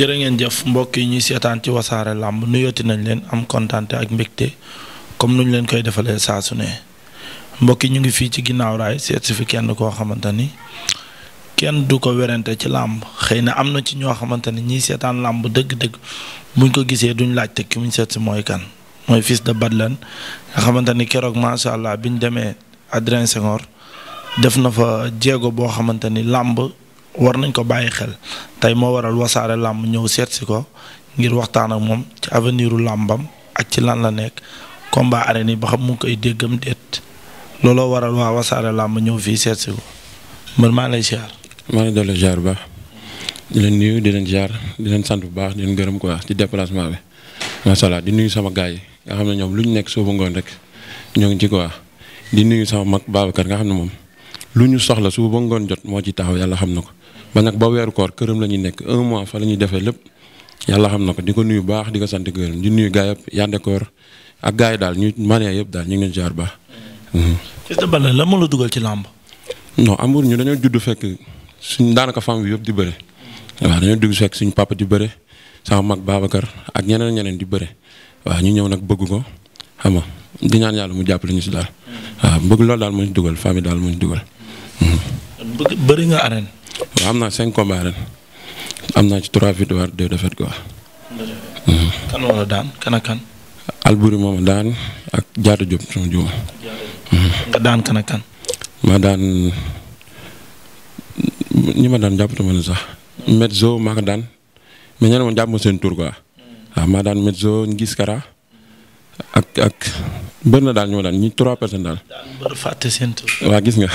jërë ngeen jëf mbokk yi ñuy seetaan ci wasaare làmb nuyooti nañ leen am kontaante ak mbégte comme nuñ leen koy defalee saa su ne mbokki ñu ngi fii ci ginnaaw raay seet si fi kenn koo xamante ni kenn du ko werante ci làmb xëy na am na ci ñoo xamante ni ñiy seetaan làmb dëgg-dëgg buñ ko gisee duñ laajte ki mu seet si mooy kan mooy fils de Badlane nga xamante ni keroog macha allah biñ demee Adrien Senghor def na fa jéego boo xamante làmb war nañ ko bàyyi xel tey moo waral wasaare làmb ñëw seet si ko ngir waxtaan ak moom ci aveniru làmbam ak ci lan la nekk combat arène yi ba xam mu ngi koy déggam déet looloo waral waa wasaare làmb ñëw fii seetsi si ko man maa lay ziar. maa ngi dolli ziar ba baax di leen nuyu di leen ziar di leen sant bu baax di leen gërëm quoi ci déplacement bi macha allah di nuyu sama gars yi nga xam ne ñoom lu ñu nekk soobu ngoon rek ñoo ngi ci quoi di nuyu sama mag Babacar nga xam ne moom. lu ñu soxla su ba ngoon jot moo ci taxaw yàlla xam na ko ba nag ba weeru koor këram la ñuy nekk un mois fa la ñuy defee lépp yàlla xam na ko di ko nuyu baax di ko sant gërëm di nuyu gaay yëpp Koor ak gaay yi daal ñu manee yëpp daal ñu ngi jaar baax. Fils mhm. de moo la dugal ci làmb. non amul ñu dañoo judd fekk suñ daanaka femme bi yëpp di bëre. waaw dañoo dugg fekk suñu papa di bëre sama mag ak ñeneen ñeneen di bëre waaw ñu ñëw nag bëgg ko xam nga di ñaan yàlla mu jàppale ñu si daal. Mhm. waaw bëgg loolu daal moo dugal fami daal moo ñu dugal. bëri nga arène. waaw am naa cinq combats ren am naa ci trois victoires deux défaites quoi. kan wala daan kan ak kan. Alboury moom daan ak Diatta Diop sama juuma. nga ma daan daan jàppatuma ne moom jàpp ma seen tur quoi. Mm. waaw maa daan Metzo Ngiskara ak ak. bëri na daal ñoo daan ñi trois personnes daal. daan waa gis nga.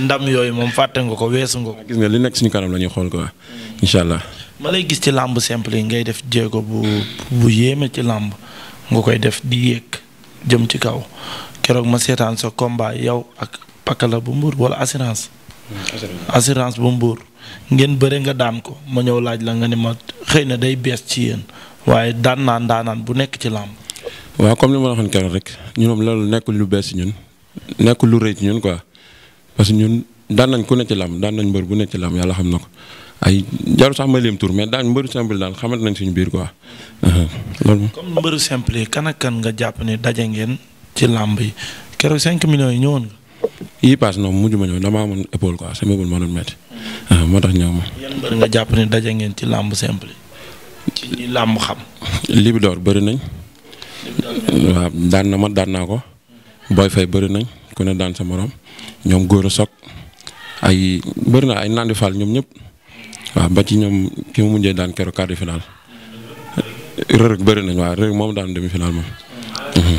ndam yooyu moom fàtte nga ko weesu nga ko. gis nga li nekk suñu kanam la ñuy xool ko hmm. incha allah. ma lay gis ci làmb simple yi ngay def jéego bu bu yéeme ci làmb nga koy def di yéeg jëm ci kaw keroog ma seetaan sa combat yow ak pakala bu mbuur wala hmm, assurance. assurance bu mbuur ngeen bëre nga daan ko ma ñëw laaj la nga ne ma xëy na day bees ci yéen waaye daan naan daanaan bu nekk ci làmb. waaw comme ni ma la waxoon keroog rek ñun moom loolu nekkul lu bees si ñun nekkul lu rëy ci ñun quoi parce que ñun daan nañ ku ne ci làmb daan nañ mbër bu ne ci làmb yàlla xam na ko ay jaru sax ma lim tur mais daan mbëru simple daal xamante nañ suñu biir quoi. loolu comme mbëru simple yi kan ak nga jàpp ne daje ngeen ci làmb yi keroog 5 millions yi ñëwoon nga. yii paas noonu mujj ma ñëw dama amoon épaule quoi sama épaule moo doon métti moo tax ñëw ma. mbër nga jàpp ne daje ngeen ci làmb simple yi. ci ñi làmb xam. Libidor bëri nañ. waaw daan na ma daan naa ko. booy fay bëri nañ ku ne daan sa morom ñoom góor a sok ay bëri na ay nandi faal ñoom ñëpp waaw ba ci ñoom ki mu mujjee daan keroog quart de rërëg bëri nañ waaw rërëg moom daan demi finale moom. Mhm.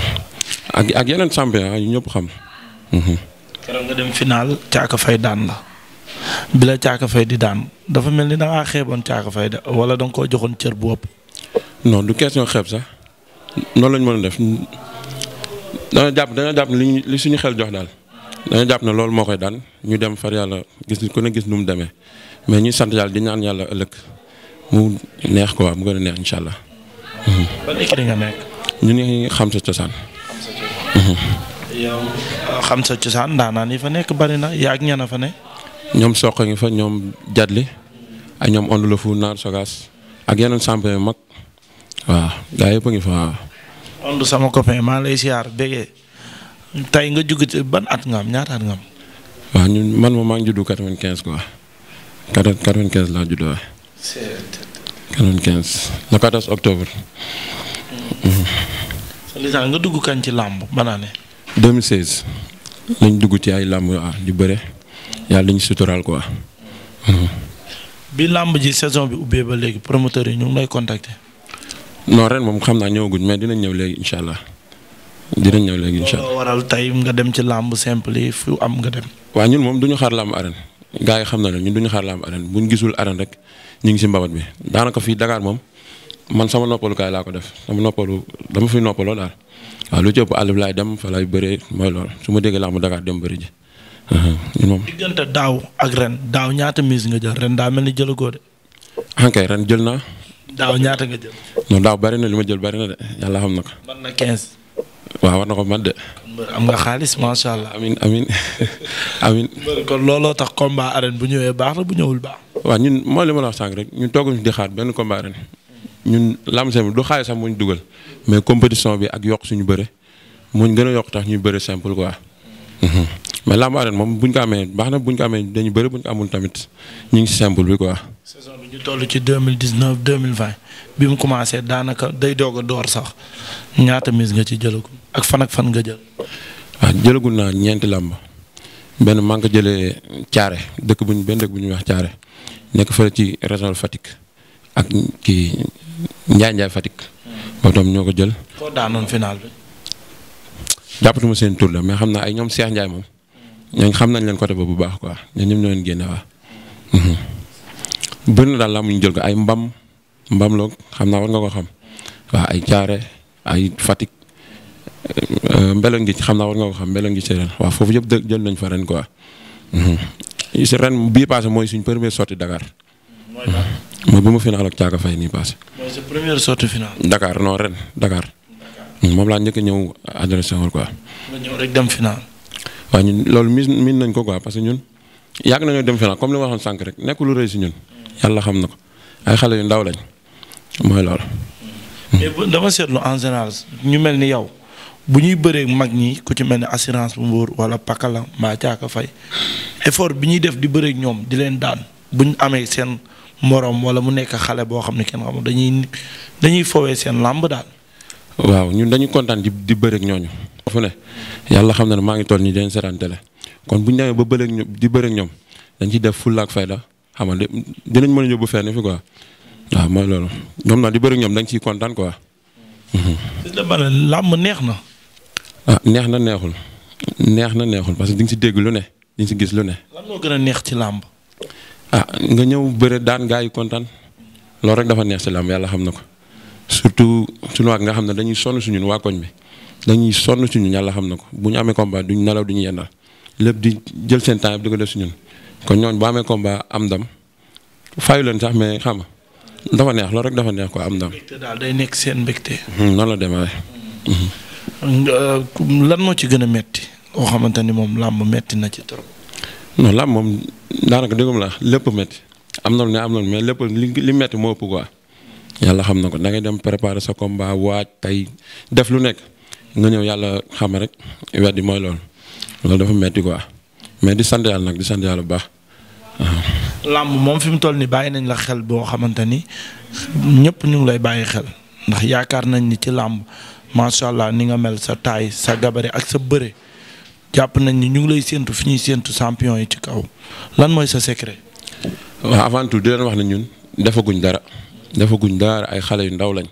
ak ak yeneen champion ah, yu ñëpp xam. Mhm. keroog nga caaka fay daan la. bi caaka fay di daan dafa mel ni da ngaa xeeboon caaka fay de wala da nga joxoon cër bu ëpp. non du question xeeb sax. noonu lañ mën a def dana jàpp dana jàpp ne li suñu xel jox daal dana jàpp ne loolu moo koy daan ñu dem far yàlla gis ku ne gis nu mu demee mais ñu sant yàlla di naan yàlla ëllëg mu neex quoi mu gën a neex incha allah. ban écurie nga nekk. ñu ngi xam sa cosaan. yow xam sa cosaan ndaanaan yi fa nekk bari na yaa ak ñana fa ne. ñoom soq ngi fa ñoom jadli ak ñoom ondu la fu naar sogaas ak yeneen champion yu mag. waaw gaa yëpp a ngi fa waaw. ond sama copain maa lay siyaar bégee tey nga jug ci ban at nga am ñaata at nga am. waaw ñun man moom maa ngi juddu 95 quoi 95 laa juddoo waay. 95 le mm-hmm. nga dugg kañ ci làmb ban année. 2016 lañ dugg ci ay làmb ah di bëre yàlla ñu suturaal quoi. Mm-hmm. bi làmb ji saison bi ubbee ba léegi promoteur yi ñu ngi lay contacter. non ren moom xam naa ñëwaguñ mais dinañ ñëw léegi incha allah dinañ ñëw léegi incha allah looloo waral tey nga dem ci làmb simple yi fu am nga dem. waaw ñun moom du ñu xaar làmb arène gars yi xam na ne ñun du ñu xaar làmb arène bu ñu gisul arène rek ñu ngi si mbabat bi daanaka fii Dakar moom man sama noppalukaay laa ko def sama noppalu dama fi noppaloo daal waaw lu ci ëpp àll bi laay dem fa laay bëree mooy loolu su ma déggee làmb Dakar dem bëri ji. Uh-huh, ñun moom diggante daaw ak ren daaw ñaata mise nga jël ren daa mel ni jëlagoo de. ok ah, ren jël naa daaw ñaata nga jël. non daaw bari na li ma jël bari na de yàlla xam na ko. na 15. waaw war na ko man de. am nga xaalis macha allah. amin amin amin kon looloo tax combat arène bu ñëwee baax la bu ñëwul baax. waaw ñun mooy li ma la wax sànq rek ñun tooguñu di xaar benn combat ñun lam simple du xaalis sax dugal mais compétition bi ak yokk suñu bëre moo ñu a yokk tax ñuy bëre simple quoi. Mhm. mais lamb arène moom bu ko amee baax na bu ñu ko amee dañu bëri bu ko amul tamit ñu ngi si simple bi quoi. saison bi ñu toll ci deux mille dix neuf deux mille vingt bi mu commencé daanaka day doog door sax ñaata mise nga ci jëlagul ak fan ak fan nga jël. waaw ah, jëlagul naa ñeenti làmb benn maa ngi ko jëlee Thiaré dëkk bu ñu benn dëkk bu ñuy wax caare nekk fële ci région Fatick ak kii Njaay Njaay Fatick. boobu hmm. ñoo ko jël. koo daanoon final bi. jàppatuma seen tur la mais xam naa ay ñoom seex Ndiaye moom. Hmm. ñooñu xam nañ leen côté boobu bu baax quoi ñoom ñoom ñoo leen génne waa. Hmm. bëri daal daal mu ñu jël ko ay mbam mbam loog xam naa war nga ko xam waaw ay caare ay Fatick euh, mbelo ngi xam naa war nga ko xam mbelo ngi ci ren waaw foofu yëpp dë jël nañ fa ren quoi. Mhm. si ren bii passé mooy suñ première sortie Dakar. mooy mhm. mooy bu ma final ak nii passé. mooy sa première sortie final. Mhm, moom laa njëkk ñëw adressé woon quoi. nga ñëw rek dem final. waaw ñun loolu miin miin nañ ko ko parce que ñun yàgg nañoo dem final comme li ma waxoon sànq rek nekk lu rëy si ñun. yàlla xam na ko ay xale yu ndaw lañ mooy loolu. Hmm. mais dama seetlu en ñu mel ni yow bu ñuy bëree mag ñi ku ci mel ni assurance bu mbuur wala pakala mbaa caaka fay effort bi ñuy def di bëreek ñoom di leen daan bu ñu amee seen moroom wala mu nekk xale boo xam ne kenn xamul dañuy dañuy fowee seen làmb daal. waaw ñun dañuy kontaan di di bëreek ñooñu. fu xam na ne maa ngi toll nii dañ seetaan kon bu ñu demee ba bëreek ñoom di bëreek ñoom dañ ciy def fulla ak la xam na nga dinañ mën a yóbbu fenn fi quoi waa mooy loolu ñoom nag di bëri ñoom da nga ciy kontaan quoi. Mhm. gis nga làmb neex na. Ah, neex na neexul neex na neexul parce que di nga si dégg lu ne di nga si gis lu ne. lan neex ci làmb. ah nga ñëw bëre daan gaa yi kontaan loolu rek dafa neex ci làmb yàlla xam na ko surtout sunu waag nga xam ne dañuy sonn suñu waa koñ bi dañuy sonn suñu yàlla xam na ko bu ñu amee combat duñ nelaw duñu yendal lép di jël seen temps yëpp di ko def si ñun kon ñooñ boo amee combat am dam fayu leen sax mais xam nga dafa neex loolu rek dafa neex ko am ndam. daal day nekk seen mbégte. Hmm, noonu la demee. Hmm. lan moo ci gën a metti loo xamante ni moom làmb metti na ci trop. non làmb moom daanaka déggum la lépp metti am na lu ne am na lu mais lépp li li metti moo ëpp quoi. yàlla xam na ko da ngay dem préparer sa combat waaj tey def lu nekk nga ñëw yàlla xam rek weddi mooy loolu loolu dafa metti quoi. mais di sant yàlla nag di sant yàlla bu baax. làmb moom fi mu toll nii bàyyi nañ la xel boo xamante ni ñëpp ñu ngi lay bàyyi xel ndax yaakaar nañ ni ci làmb macha allah ni nga mel sa taay sa gabari ak sa bëre jàpp nañ ni ñu ngi lay séentu fi ñuy séentu champion yi ci kaw lan mooy sa secret. waaw avant di leen wax na ñun defaguñ dara defaguñ dara ay xale yu ndaw lañ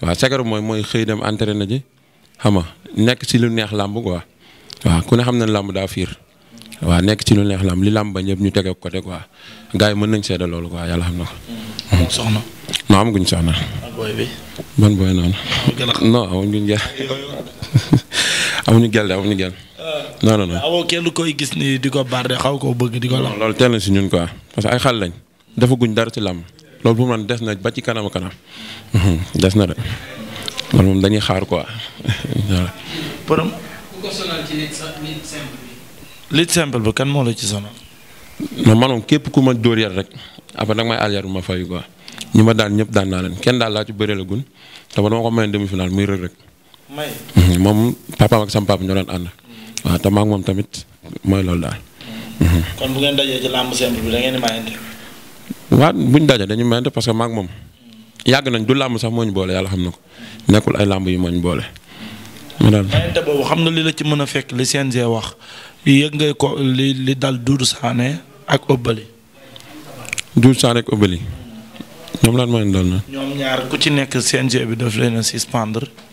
waa secret mooy mooy xëy dem entraîné ji nekk ci lu neex làmb quoi waaw ku ne xam na làmb daa fiir. waaw nekk ci lu neex lam li lam ba ñëpp ñu tege ko côté quoi gars yi mën nañ seede loolu quoi yàlla xam na ko. moom soxna. non amaguñ soxna. booy bi. ban booy noonu. non amuñu gel amuñu gel de amuñu gel. Euh, non kenn koy gis ni di ko baar xaw koo bëgg di ko lam. loolu teel na si ñun quoi parce que ay xal lañ. defaguñ dara ci lam loolu bu mu des na ba ci kanam kanam mhm, des na de loolu moom dañuy xaar quoi. ko lutte simple ba kan moo la ci sonal. non manoom képp ku ma dóor yar rek après nag may àll yar ma fayu ko ñi ma daan ñëpp daan naa leen kenn daal laa ci bëree la gun te ma ko mayoon demi final muy rëg may mhm, moom papaam ak sam papa ñoo daan mm. te maag moom tamit mooy loolu daal. Mhm. kon bu ngeen dajee ci làmb simple bi da ngeen di mayante. waaw buñ daje dañuy mayante parce que maak moom. Mm. yàgg nañ du làmb sax moo ñu boole yàlla xam na ko mm. nekkul ay làmb yu mooñ ñu boole. jaayante boobu xam na li la ci mën a fekk li CNG wax yëg ngay ko li dal Doudou Sané ak Obali. Doudou Sané ak Obali. ñoom lan moo leen dal na. ñoom ñaar ku ci nekk CNG bi daf leen a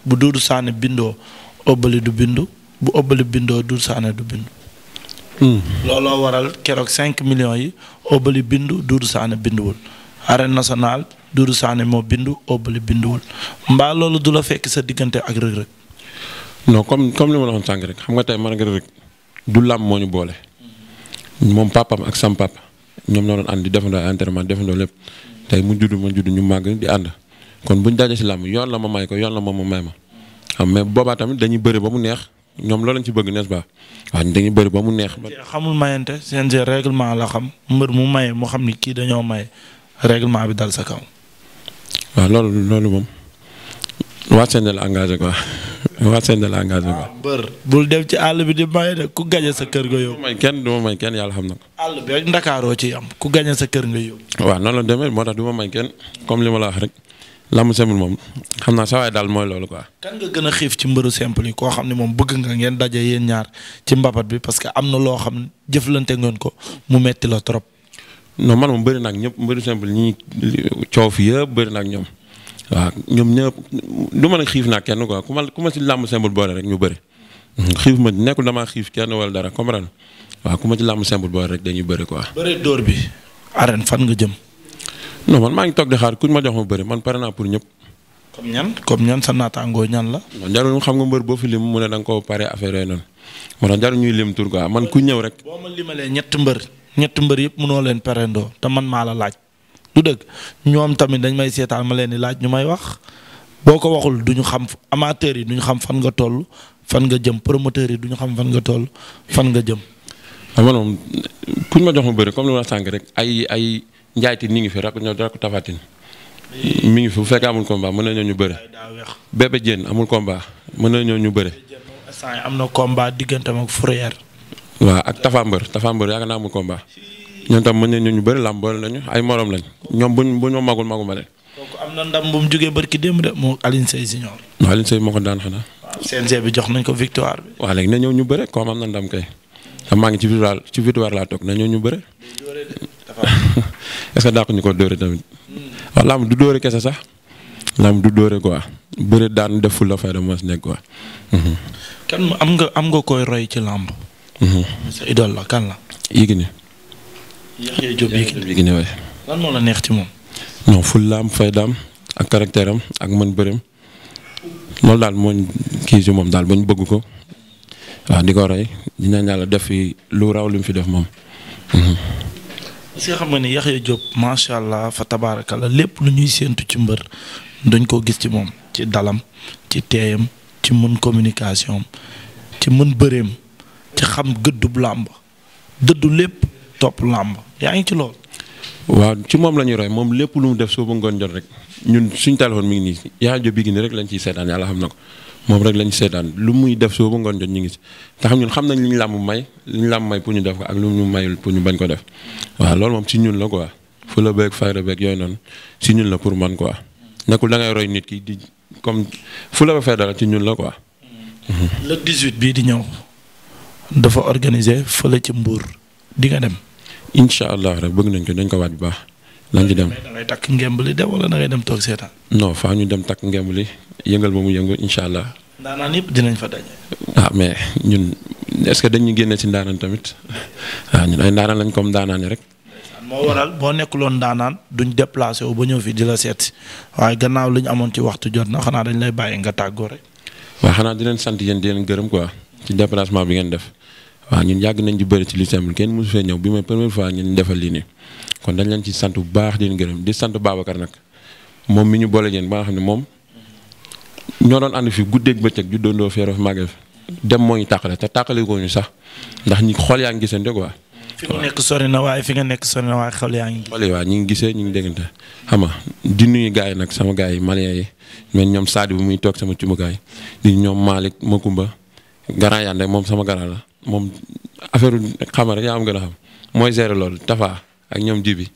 bu Doudou Sané bindoo Obali du bindu bu Obali bindoo Doudou Sané du bindu. Hmm. looloo waral keroog 5 million yi Obali bindu Doudou Sané binduwul. arène nationale Doudou moo bindu Obali binduwul mbaa loolu du la fekk sa diggante ak Reug Reug. non comme comme li ma la waxoon sànq rek xam nga tey man nga rek du làmb moo ñu boole. moom papam ak sam ñoom ñoo doon ànd di defandoo entraînement defandoo lépp tey mu judd ma judd ñu màgg di ànd kon buñ daje si làmb yoon la ma may ko yoon la moom ma may ma. mais boobaa tamit dañuy bëri ba mu neex ñoom loolu lañ ci bëgg n'est-ce dañuy bëri ba mu neex. xamul mayante CNG réglement la xam mbër mu maye mu xam ni kii dañoo may réglement bi dal sa kaw. waaw loolu loolu moom. waa seen la engagé quoi waa la engagé quoi. Ah, bul dem ci àll bi di maye de ku gañe sa kër nga yóbbu. kenn du kenn yàlla xam na ko. àll bi rek ndakaaroo ci am ku gañe sa kër waaw noonu la demee moo tax du ma may kenn comme li ma la wax rek lamb simple moom xam naa sa waay daal mooy loolu quoi. gën a xiif ci mbëru simple koo xam ne moom bëgg nga ngeen daje yéen ñaar ci mbapat bi parce que am na loo xam ne jëflante ngeen ko mu metti la trop. non man moom bëri nag ak ñëpp mbëru simple ñi coow fi yëpp bëri na ak ñoom waaw ñoom ñëpp du ma nag xiif naa kenn quoi ku ma ku ma ci làmb simple boole rek ñu bari xiif ma nekkul damaa xiif kenn wala dara comprendre waaw ku ma ci làmb simple boole rek dañuy bëri quoi. dóor bi. arène fan nga jëm. non man maa ngi toog xaar kuñ ma jox ma bëri man pare naa pour ñëpp. ñan comme ñan sa naataangoo ñan la. jarul xam nga mbër boo fi lim mu ne da nga koo pare affaire yooyu noonu moo tax ñuy lim tur man ku ñëw rek. boo ma limalee ñett mbër ñett mbër yëpp mënoo leen parendoo te man maa la laaj. du dëgg ñoom tamit dañ may seetaan ma leen di laaj ñu may wax boo ko waxul duñu xam amateurs yi ñu xam fan nga toll fan nga jëm promoteurs yi du ñu xam fan nga toll fan nga jëm. Ah, man moom kuñ ma jox ma bëri comme li ma la rek ay ay njaaytin mi ngi fi rek ñoo dara ko tafatin ngi fi bu fekkee amul combat mën nañoo ñu bëre. Bébé Diène amul combat mën nañoo ñu bëre. am na combat diggante ak Fourrière. waa ak Tafambar Tafambar yaakaar naa amul komba ñoom tam mën nañu ñu bëri làmb boole nañu ay moroom lañ ñoom buñ buñ ma magul maguma leen. donc am na ndam bu mu jugee barki démb de moo Alioune Seye si ñoom. non Alioune daan xanaa. waaw bi jox nañ ko victoire bi. waaw na ñëw ñu bëre comme am na ndam kay. maa ngi ci victoire ci victoire laa toog na ñëw ñu bëre. est que daa ko ñu ko dóore tamit. Hmm. waaw làmb du dóore kese sax. làmb du dóore quoi bëre daan def fu la fay dama nekk quoi. Hmm. am nga am nga koy roy ci làmb. Hmm. sa idole la kan Yaxya Diop Yékini waay lan moo la neex ci moom. non fullaam faydaam ak caractère am ak man bërëm loolu daal mooñ kii si moom daal ba ñu bëgg ko waaw di ko rey dina ñaan yàlla def fi lu raw li mu fi def moom. parce mhm. xam nga ni Yaxya Diop macha allah fa tabaarakala lépp lu ñuy séentu ci mbër dañ koo gis ci moom ci dalam ci teeyam ci mën communication ci mën bëreem ci xam gëddub làmb dëddu lépp. topp làmb yaa ngi ci loolu. waaw ci moom la ñuy roy moom lépp lu mu def soo ba ngoon jot rek ñun suñ téléphone mi ngi nii yaa jo bi ni rek lañ ciy seetaan yàlla xam na ko moom rek lañ seetaan lu muy def soo ba ngoon jot ñu ngi si te xam ñun xam nañ li ñu làmb may ñu làmb may pour ñu ko ak lu ñu mayul pour ñu bañ ko def waaw loolu moom si ñun la quoi fu la beeg fayda beeg noonu si ñun la pour man quoi nekkul da ngay roy nit ki di comme fu la ba fay ci ñun la quoi. le bii di ñëw dafa organiser fële ci Mbour dinga dem. incha allah rek bëgg nañ ko dañ ko waaj bu baax. lañ ci dem da takk ngemb li de wala da ngay dem toog seetaan. non faa ñu dem takk ngemb li yëngal ba mu yëngu incha allah. ndaanaan yëpp dinañ fa daje. ah mais ñun est-ce que dañuy génne ci ndaanaan tamit ah ñun ay ndaanaan lañ comme ndaanaan yi rek. moo waral boo nekkuloon daanaan duñ déplacé wu ba ñëw fii di la seet waaye gannaaw li ñu amoon ci waxtu jot na xanaa dañ lay bàyyi nga tàggoo rek. waa xanaa di sant yéen di gërëm quoi ci déplacement bi ngeen def waaw ñun yàgg nañ di bëri ci li simple kenn mosu fee ñëw bi may première fois ñun defal lii ne kon dañ leen ci sant bu baax di leen gërëm di sant Babacar nag moom mi ñu boole ngeen ba nga xam ne moom ñoo doon ànd fi guddeeg bëccëg ju dondoo feeroo fi màggee fi dem moo ñu tàqale te tàqale ko ñu sax ndax ñi xool yaa ngi gisante quoi. fi nga na waaye fi nga nekk sori na waaye yaa ngi. xooli waaw ngi gisee ñu ngi déggante xam nga di yi nag sama gars yi malien yi mais ñoom Sadio bu muy toog sama cumbukaay di ñoom ma Malick Makumba garant yande moom sama garant la moom affaire xam rek yaa am gën a xam mooy gérer loolu Tafa ak ñoom Jibi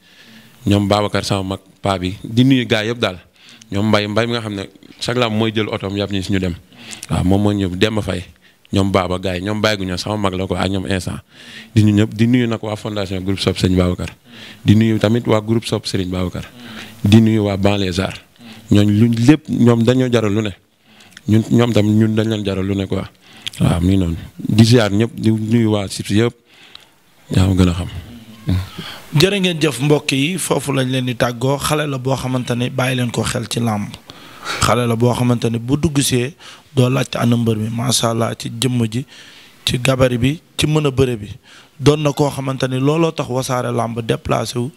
ñoom Babacar sama mag paa bi di nuyu gaa yëpp daal ñoom mbay mbay mi nga xam ne chaque lam mooy jël otoom yàpp ñu si ñu dem waaw moom moo ñëw dem fay ñoom baaba gars yi ñoom bàyyi gu ñu sama mag la ko ak ñoom instant di ñu ñëpp di nuyu nag waa fondation groupe Sopp Serigne Babacar di nuyu tamit waa groupe Sopp Serigne Babacar di nuyu waa Banlieue Arts ñooñ luñ lépp ñoom dañoo jaral lu ne ñun ñoom tamit ñun dañ leen jaral lu ne ko waa mi noonu di ziar ñëpp di nuyu waa Siteu yëpp yaa ma gën a xam. jërë ngeen jëf mbokk yi foofu lañ leen di tàggoo xale la boo xamante ne bàyyi leen ko xel ci làmb xale boo xamante ne bu dugg see doo laajte ana mbër mi macha allah ci jëmm ji ci gabari bi ci mën a bëre bi doon na koo xamante ni looloo tax wasaare làmb déplacé wu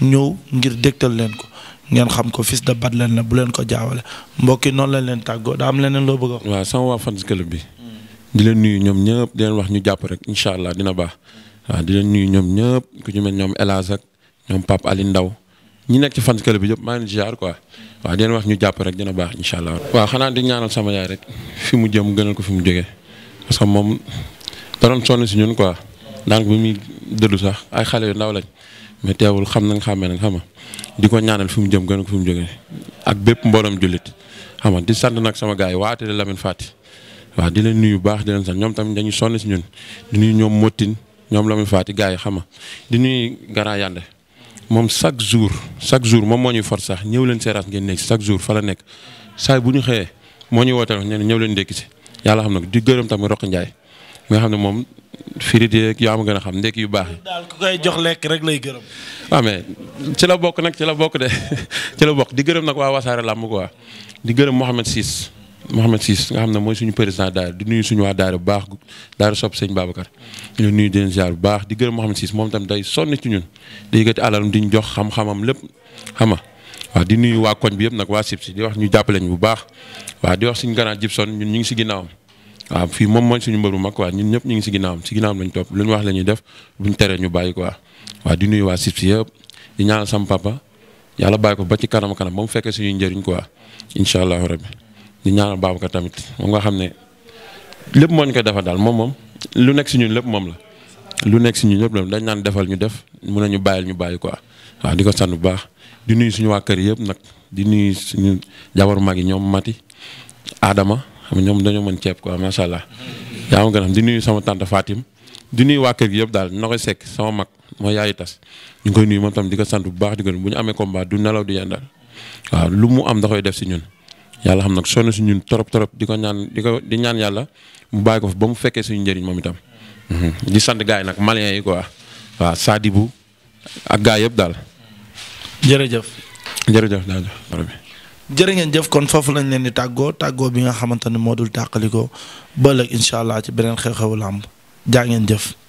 ñëw ngir dégtal leen ko ngeen xam ko fils de Badlen la bu leen ko jaawale mbokk noonu lañ leen tàggoo daa am leneen loo bëgg a wax. waaw sama waa fans bi. di leen nuyu ñoom ñëpp di wax ñu jàpp rek incha allah dina baax waaw di leen nuyu ñoom ñëpp ku ñu mel ñoom El Hadj ak ñoom Pape Ali Ndaw ñi nekk ci fan club bi yëpp maa ngi leen ziar quoi wax ñu jàpp rek dina baax incha allah. waaw xanaa di ñaanal sama yaay rek fi mu jëm gënal ko fi mu jógee parce moom da doon si ñun quoi donc bi muy dëddu sax ay xale yu ndaw lañ mais teewul xam nañ nañ xam nga di ko ñaanal fi mu jëm gënal ko mu jógee ak bépp mbooloom jullit xam nga di sant nag sama gars yi waate lamin Fati waaw di leen nuyu baax di leen sax ñoom tamit dañu sonn si ñun di ñuy ñoom Mottin ñoom la muy faati gars yi xam nga di nuyu Gara Yande moom chaque jour chaque jour moom moo ñuy for sax ñëw leen seeraas ngeen nekk chaque jour fa la nekk saay bu ñu xëyee moo ñuy woote ne ñëw leen ndékki si yàlla xam na di gërëm tamit Roq Njaay mi nga xam ne moom firit yeeg yoo am gën a xam ndékki yu baax yi. daal ku koy jox lekk rek lay gërëm. waaw mais ci la bokk nag ci la bokk de ci la bokk di gërëm nag waa Wasaare Lamb quoi di gërëm Mohamed Ciss Mouhamed Ciss nga xam ne mooy suñu président daara di nuyu suñu waa daara bu baax daara sopp sëñ Babacar ñu nuyu di leen bu baax di gërëm Mouhamed Ciss moom tam day sonn ci ñun di yëkkati alalam di ñu jox xam-xamam lépp xam nga di nuyu waa koñ bi yëpp nag waa sib si di wax ñu jàppale ñu bu baax waaw di wax suñu ganaar Gibson ñun ñu ngi si ginnaawam waaw fii moom mooy suñu mbëru bu mag quoi ñun ñëpp ñu ngi si ginnaawam si ginnaawam lañ topp lu ñu wax la ñuy def buñ teree ñu bàyyi quoi waaw di nuyu waa sib yëpp di ñaanal sama papa yàlla bàyyi ko ba ci kanam kanam ba mu fekkee suñuy njëriñ quoi incha allahu rabbi di ñaanal Babacar tamit moom nga xam ne lépp moo ñu koy defal daal moom moom lu nekk si ñun lépp moom la lu nekk si ñun lépp la dañ naan defal ñu def mën nañu bàyyil ñu bàyyi quoi waaw di ko sant bu baax di nuyu suñu waa kër yëpp nag di nuyu suñu jabaru mag yi ñoom Mati Adama xam ñoom dañoo mën ceeb quoi macha allah yaa ma gën di nuyu sama tante Fatim di nuyu waa kër yëpp daal na sekk sama mag mooy yaayu tas ñu ngi koy nuyu moom tam di ko sant bu baax di ko bu ñu amee combat du nelaw di yendal waaw lu mu am da koy def si ñun. yàlla xam nag sonn si ñun trop trop di ko ñaan di ko di ñaan yàlla mu bàyyi ko fa ba mu fekkee suñu njëriñ moom itam. Mhm. di sant gaa yi nag maliens yi quoi waaw Sadibou ak gars yëpp daal. jërëjëf. jërëjëf daal jërë ngeen jëf kon foofu lañ leen di tàggoo tàggoo bi nga xamante ne moo dul tàqaliko ba ëllëg incha allah ci beneen xew-xewu làmb jaa ngeen jëf.